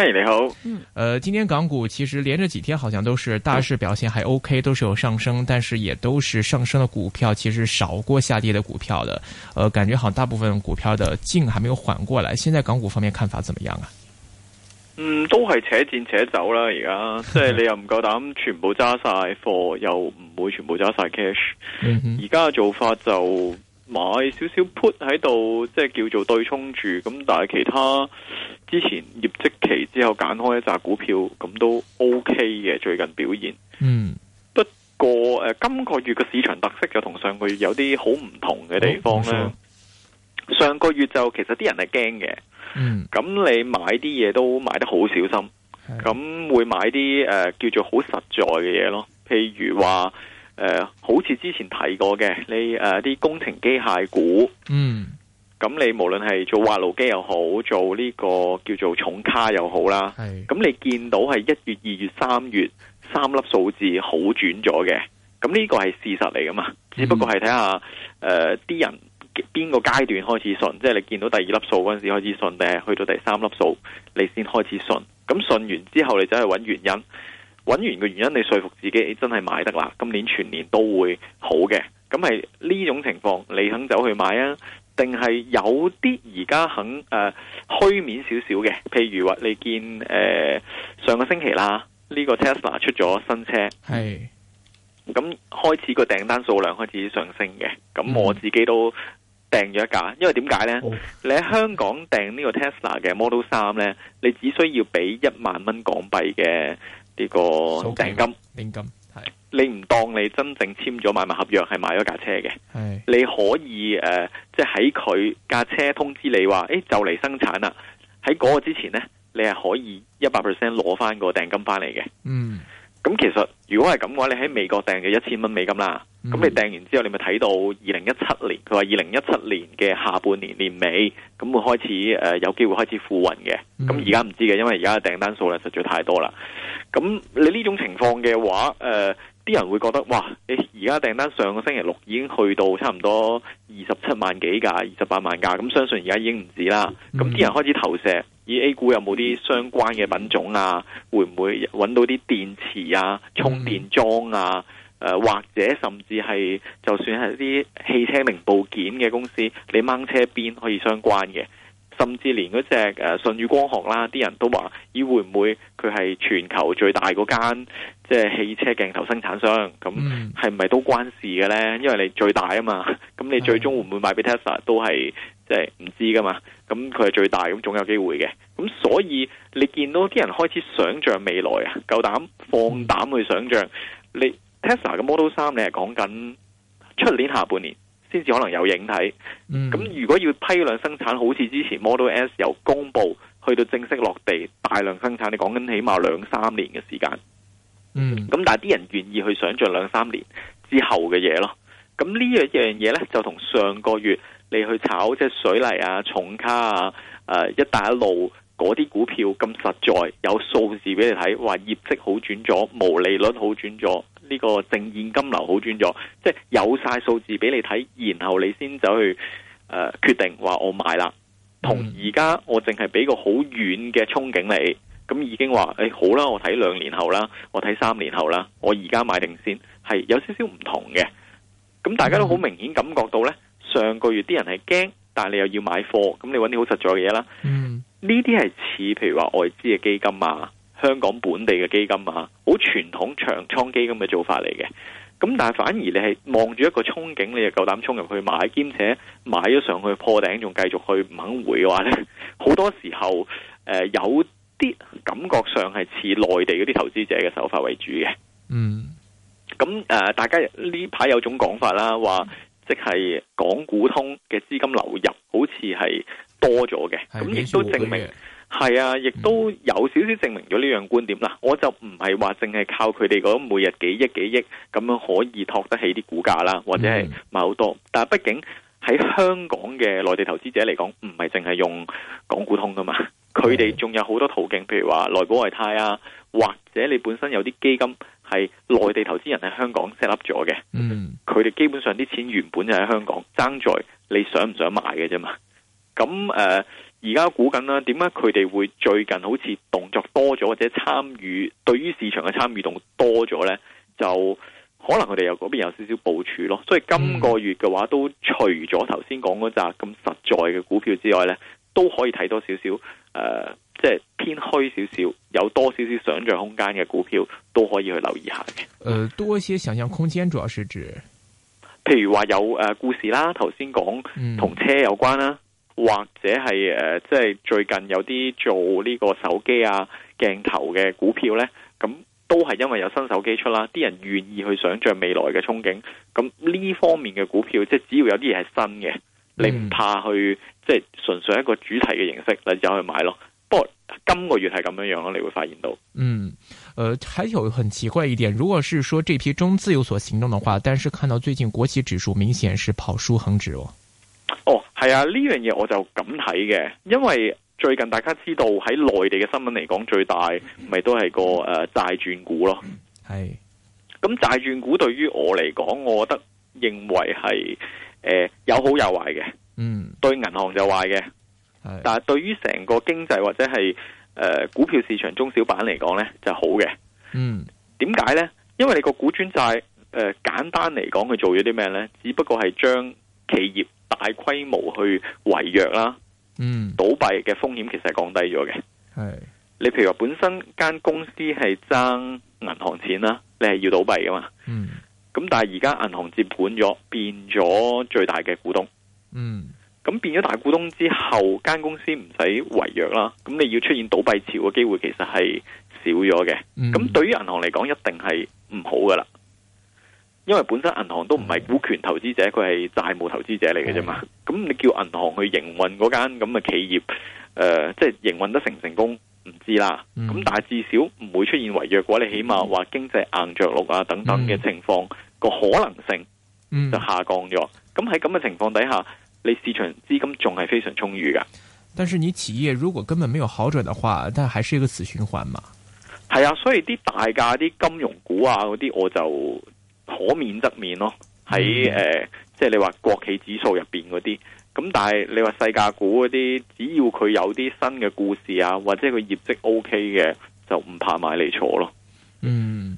嘿，hey, 你好。嗯、呃，今天港股其實連着幾天，好像都是大市表現還 OK，都是有上升，但是也都是上升的股票，其實少過下跌的股票的。誒、呃，感覺好像大部分股票的勁還沒有緩過來。現在港股方面看法怎麼樣啊？嗯，都係且戰且走啦。而家 即係你又唔夠膽全部揸晒貨，for, 又唔會全部揸晒 cash。而家嘅做法就。買少少 put 喺度，即係叫做對沖住。咁但係其他之前業績期之後揀開一扎股票，咁都 OK 嘅。最近表現，嗯，不過誒、呃，今個月嘅市場特色就同上個月有啲好唔同嘅地方咧。上個月就其實啲人係驚嘅，咁、嗯、你買啲嘢都買得好小心，咁的會買啲誒、呃、叫做好實在嘅嘢咯，譬如話。誒、呃，好似之前提過嘅，你誒啲、呃、工程機械股，嗯，咁你無論係做挖路機又好，做呢個叫做重卡又好啦，係是，咁你見到係一月、二月、三月三粒數字好轉咗嘅，咁呢個係事實嚟噶嘛。只、嗯、不過係睇下，誒、呃，啲人邊個階段開始信，即、就、係、是、你見到第二粒數嗰陣時開始信，定係去到第三粒數你先開始信？咁信完之後，你走去揾原因。搵完嘅原因，你說服自己真係買得啦。今年全年都會好嘅，咁係呢種情況，你肯走去買啊？定係有啲而家肯誒虛、呃、面少少嘅？譬如話你見誒、呃、上個星期啦，呢、這個 Tesla 出咗新車，係咁是開始個訂單數量開始上升嘅。咁我自己都訂咗一架，嗯、因為點解呢？好你喺香港訂呢個 Tesla 嘅 Model 三呢，你只需要畀一萬蚊港幣嘅。呢個定金，定金係你唔當你真正簽咗買賣合約，係買咗架車嘅。係你可以誒，即係喺佢架車通知你話，誒就嚟生產啦。喺嗰個之前呢，你係可以一百 percent 攞翻個定金翻嚟嘅。嗯。咁其實如果係咁嘅話，你喺美國訂嘅一千蚊美金啦，咁、嗯、你訂完之後，你咪睇到二零一七年，佢話二零一七年嘅下半年年尾，咁會開始誒、呃，有機會開始付運嘅。咁而家唔知嘅，因為而家嘅訂單數量實在太多啦。咁你呢種情況嘅話，誒、呃，啲人會覺得哇，你而家訂單上個星期六已經去到差唔多二十七萬幾架、二十八萬架，咁相信而家已經唔止啦。咁啲人開始投射。嗯嗯以 A 股有冇啲相關嘅品種啊？會唔會揾到啲電池啊、充電樁啊？誒、呃，或者甚至係就算係啲汽車零部件嘅公司，你掹車邊可以相關嘅？甚至連嗰隻誒舜宇光學啦，啲人都話：「咦，會唔會佢係全球最大嗰間即係汽車鏡頭生產商？咁係咪都關事嘅呢？因為你最大啊嘛。咁你最終會唔會賣俾 Tesla 都係即係唔知噶嘛？咁佢係最大咁，總有機會嘅。咁所以你見到啲人開始想象未來啊，夠膽放膽去想象、嗯、你 Tesla 嘅 Model 3，你係講緊出年下半年先至可能有影睇。咁、嗯、如果要批量生產，好似之前 Model S 由公布去到正式落地大量生產，你講緊起碼兩三年嘅時間。咁、嗯、但係啲人願意去想象兩三年之後嘅嘢咯。咁呢樣嘢呢，就同上個月你去炒即係、就是、水泥啊、重卡啊、誒、一帶一路嗰啲股票咁實在，有數字俾你睇，話業績好轉咗，毛利率好轉咗，呢、這個淨現金流好轉咗，即、就、係、是、有晒數字俾你睇，然後你先走去誒、呃、決定話我買啦。同而家我淨係俾個好遠嘅憧憬你，咁已經話誒、欸、好啦，我睇兩年後啦，我睇三年後啦，我而家買定先，係有少少唔同嘅。咁、嗯、大家都好明顯感覺到呢，上個月啲人係驚，但係你又要買貨，咁你揾啲好實在嘅嘢啦。呢啲係似譬如話外資嘅基金啊、香港本地嘅基金啊，好傳統長倉基金嘅做法嚟嘅。咁但係反而你係望住一個憧憬，你就夠膽衝入去買，兼且買咗上去破頂，仲繼續去唔肯回嘅話呢，好多時候、呃、有啲感覺上係似內地嗰啲投資者嘅手法為主嘅。嗯。咁誒，大家呢排有種講法啦，話即係港股通嘅資金流入好似係多咗嘅，咁亦是都證明係、嗯、啊，亦都有少少證明咗呢樣觀點啦。嗯、我就唔係話淨係靠佢哋嗰每日幾億幾億咁樣可以托得起啲股價啦，或者係買好多。嗯、但係畢竟喺香港嘅內地投資者嚟講，唔係淨係用港股通噶嘛，佢哋仲有好多途徑，譬如話內保外貸啊，或者你本身有啲基金。係內地投資人喺香港 set up 咗嘅。嗯，佢哋基本上啲錢原本就喺香港，爭在你想唔想買嘅啫嘛。咁誒，而家估緊啦，點解佢哋會最近好似動作多咗，或者參與對於市場嘅參與動多咗咧？就可能佢哋又嗰邊有少少部署咯。所以今個月嘅話，都除咗頭先講嗰扎咁實在嘅股票之外咧，都可以睇多少少誒。呃即係偏虛少少，有多少少想象空間嘅股票都可以去留意下嘅。誒、呃，多一些想象空間，主要是指，譬如話有誒故事啦，頭先講同車有關啦，嗯、或者係誒即係最近有啲做呢個手機啊鏡頭嘅股票咧，咁都係因為有新手機出啦，啲人願意去想象未來嘅憧憬，咁呢方面嘅股票，即係只要有啲嘢係新嘅，嗯、你唔怕去，即係純粹一個主題嘅形式你就去買咯。不過今個月係咁樣樣咯，你會發現到嗯，呃，還有很奇怪一點，如果是說這批中資有所行動的話，但是看到最近國企指數明顯是跑輸恒指哦。哦，係啊，呢樣嘢我就咁睇嘅，因為最近大家知道喺內地嘅新聞嚟講，最大咪都係個誒、呃、債轉股咯。係、嗯，咁、哎、債轉股對於我嚟講，我覺得認為係誒、呃、有好有壞嘅。嗯，對銀行就壞嘅。但係對於成個經濟或者係誒、呃、股票市場中小板嚟講呢就好嘅，嗯，點解呢？因為你個股轉債、呃、簡單嚟講佢做咗啲咩呢？只不過係將企業大規模去違約啦，嗯，倒閉嘅風險其實係降低咗嘅。係、嗯、你譬如話本身間公司係爭銀行錢啦，你係要倒閉噶嘛，嗯，咁但係而家銀行接管咗，變咗最大嘅股東，嗯。咁變咗大股東之後，間公司唔使違約啦，咁你要出現倒閉潮嘅機會其實係少咗嘅。咁、嗯、對於銀行嚟講，一定係唔好噶啦，因為本身銀行都唔係股權投資者，佢係債務投資者嚟嘅啫嘛。咁、嗯、你叫銀行去營運嗰間咁嘅企業，誒、呃，即係營運得成唔成功唔知啦。咁、嗯、但係至少唔會出現違約嘅話，你起碼話經濟硬着陸啊等等嘅情況個、嗯、可能性就下降咗。咁喺咁嘅情況底下。你市場資金仲係非常充裕噶但是你企業如果根本沒有好轉的話，但係還是一個死循環嘛？係啊，所以啲大價啲金融股啊嗰啲，那些我就可免則免咯。喺誒，即係你話國企指數入邊嗰啲，咁但係你話細價股嗰啲，只要佢有啲新嘅故事啊，或者佢業績 OK 嘅，就唔怕買嚟坐咯。嗯。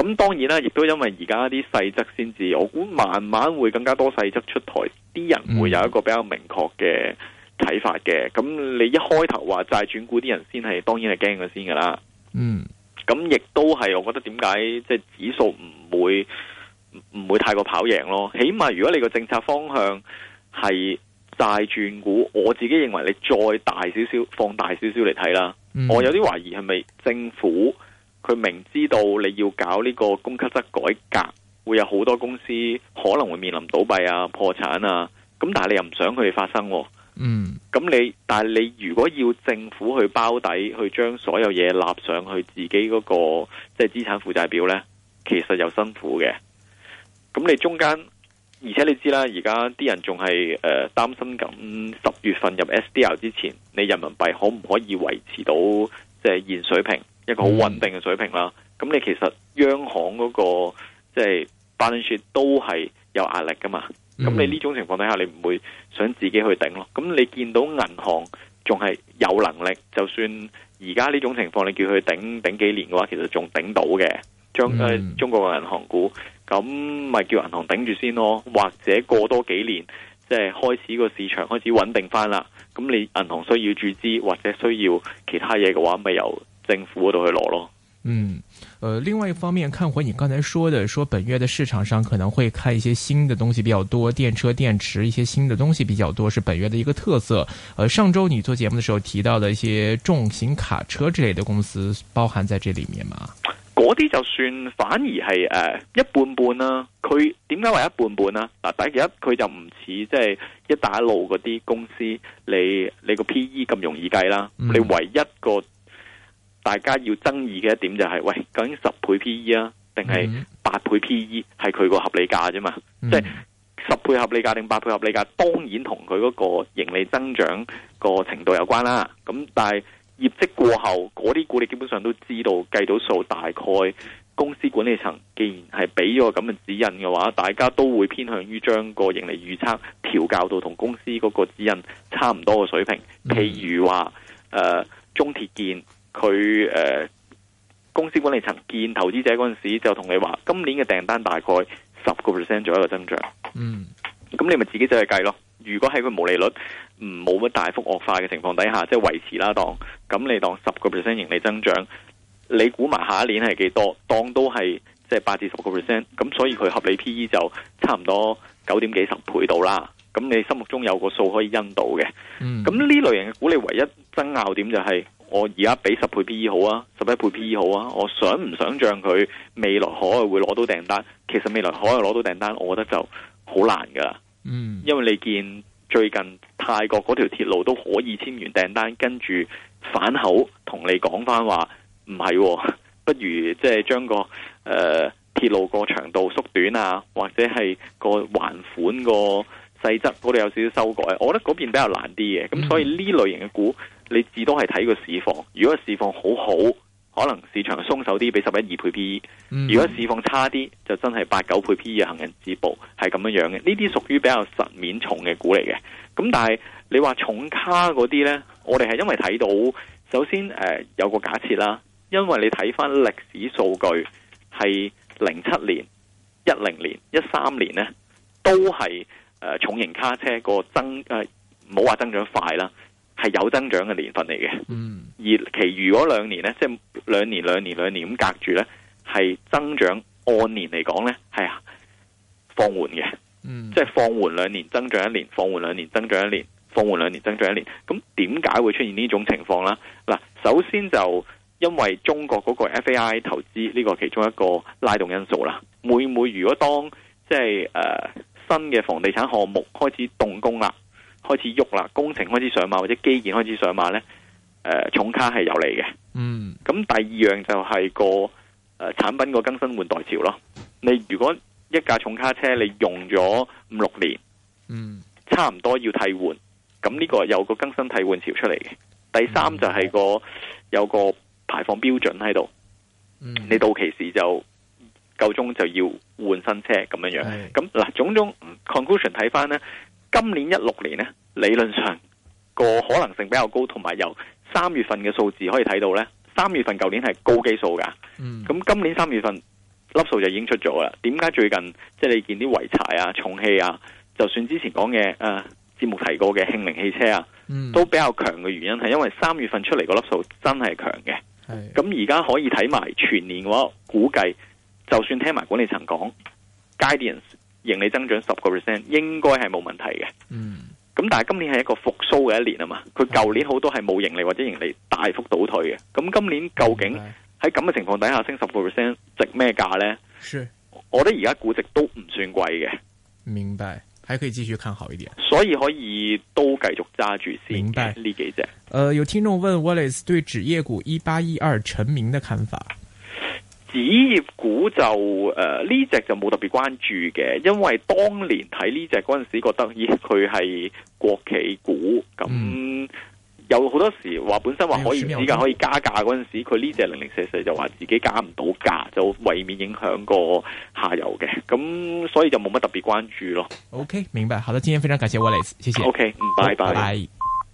咁當然啦，亦都因為而家啲細則先至，我估慢慢會更加多細則出台，啲人會有一個比較明確嘅睇法嘅。咁你一開頭話債轉股啲人先係，當然係驚佢先噶啦。嗯，咁亦都係，我覺得點解即係指數唔會唔會太過跑贏咯？起碼如果你個政策方向係債轉股，我自己認為你再大少少，放大少少嚟睇啦。嗯、我有啲懷疑係咪政府？佢明知道你要搞呢個供給側改革，會有好多公司可能會面臨倒閉啊、破產啊。咁但係你又唔想佢哋發生、啊，嗯。咁你但係你如果要政府去包底，去將所有嘢立上去自己嗰、那個即係、就是、資產負債表咧，其實又辛苦嘅。咁你中間，而且你知啦，而家啲人仲係誒擔心緊十月份入 SDR 之前，你人民幣可唔可以維持到即係現水平？一個好穩定嘅水平啦，咁、嗯、你其實央行嗰、那個即係、就是、balance sheet 都係有壓力噶嘛，咁、嗯、你呢種情況底下，你唔會想自己去頂咯。咁你見到銀行仲係有能力，就算而家呢種情況，你叫佢去頂頂幾年嘅話，其實仲頂到嘅，將啲、嗯、中國嘅銀行股，咁咪叫銀行頂住先咯。或者過多幾年，即、就、係、是、開始個市場開始穩定翻啦，咁你銀行需要注資或者需要其他嘢嘅話，咪由。政府嗰度去攞咯。嗯，誒、呃，另外一方面，看回你剛才說的，說本月的市場上可能會開一些新的東西比較多，電車電池一些新的東西比較多，是本月的一個特色。誒、呃，上周你做節目的時候提到的一些重型卡車之類的公司，包含在呢裏面嘛？嗰啲就算反而係誒、呃、一半半啦、啊。佢點解話一半半呢、啊？嗱、啊，第一佢就唔似即係一帶一路嗰啲公司，你你個 PE 咁容易計啦。嗯、你唯一個。大家要爭議嘅一點就係、是，喂，究竟十倍 PE 啊，定係八倍 PE 係佢個合理價啫嘛？即係十倍合理價定八倍合理價，當然同佢嗰個盈利增長個程度有關啦。咁但係業績過後嗰啲股，你基本上都知道計到數，大概公司管理層既然係俾咗個咁嘅指引嘅話，大家都會偏向於將個盈利預測調校到同公司嗰個指引差唔多嘅水平。Mm hmm. 譬如話誒、呃、中鐵建。佢誒、呃，公司管理層見投資者嗰陣時，就同你話今年嘅訂單大概十個 percent 左右嘅增長。嗯，咁你咪自己走去計咯。如果喺佢毛利率唔冇乜大幅惡化嘅情況底下，即係維持啦，當咁你當十個 percent 盈利增長，你估埋下一年係幾多？當都係即係八至十個 percent。咁所以佢合理 P E 就差唔多九點幾十倍到啦。咁你心目中有個數可以因到嘅。咁呢、嗯、類型嘅股，你唯一爭拗點就係、是。我而家俾十倍 PE 好啊，十一倍 PE 好啊。我想唔想像佢未來可能會攞到訂單？其實未來可能攞到訂單，我覺得就好難㗎。嗯，因為你見最近泰國嗰條鐵路都可以簽完訂單，跟住反口同你講返話，唔係、啊，不如即係將個誒、呃、鐵路個長度縮短啊，或者係個還款個細則嗰度有少少修改。我覺得嗰邊比較難啲嘅，咁、嗯、所以呢類型嘅股。你至多係睇個市況，如果市況好好，可能市場鬆手啲，俾十一二倍 PE、mm hmm. 如果市況差啲，就真係八九倍 PE 啊，行人止步係咁樣樣嘅。呢啲屬於比較實面重嘅股嚟嘅。咁但係你話重卡嗰啲呢，我哋係因為睇到，首先誒、呃、有個假設啦，因為你睇翻歷史數據係零七年、一零年、一三年呢，都係誒、呃、重型卡車個增誒，冇、呃、話增長快啦。係有增長嘅年份嚟嘅，而其餘嗰兩年呢，即係兩年、兩年、兩年咁隔住呢，係增長按年嚟講呢，係啊放緩嘅，嗯、即係放緩兩年增長一年，放緩兩年增長一年，放緩兩年增長一年。咁點解會出現呢種情況呢？嗱，首先就因為中國嗰個 FAI 投資呢個其中一個拉動因素啦。每每如果當即係誒、呃、新嘅房地產項目開始動工啦。開始喐啦，工程開始上馬或者基建開始上馬咧，誒、呃，重卡係有利嘅。嗯，咁第二樣就係個誒、呃、產品個更新換代潮咯。你如果一架重卡車你用咗五六年，嗯，差唔多要替換，咁呢個有個更新替換潮出嚟嘅。第三就係個、嗯、有個排放標準喺度，嗯、你到期時就夠鐘就要換新車咁樣樣。咁嗱是，種種 conclusion 睇翻咧。今年一六年呢，理論上個可能性比較高，同埋由三月份嘅數字可以睇到呢。三月份舊年係高基數噶。咁、嗯、今年三月份粒數就已經出咗噶啦。點解最近即係你見啲濰柴啊、重汽啊，就算之前講嘅誒節目提過嘅慶鈴汽車啊，嗯、都比較強嘅原因係因為三月份出嚟個粒數真係強嘅。咁而家可以睇埋全年嘅話，估計就算聽埋管理層講，Guidance。Gu 盈利增長十個 percent 應該係冇問題嘅。嗯，咁但係今年係一個復甦嘅一年啊嘛，佢舊年好多係冇盈利或者盈利大幅倒退嘅。咁今年究竟喺咁嘅情況底下升十個 percent 值咩價呢？是我覺得而家估值都唔算貴嘅。明白，還可以繼續看好一點，所以可以都繼續揸住先。明白呢幾隻，呃。有聽眾問 Wallace 對紙業股一八一二晨鳴嘅看法。紙業股就誒呢隻就冇特別關注嘅，因為當年睇呢隻嗰陣時覺得咦佢係國企股，咁、嗯、有好多時話本身話可以紙價可以加價嗰陣時，佢呢隻零零四四就話自己加唔到價，就為免影響個下游嘅，咁所以就冇乜特別關注咯。OK，明白，好的，今天非常感謝 Wallace，謝謝。O K，唔，拜拜。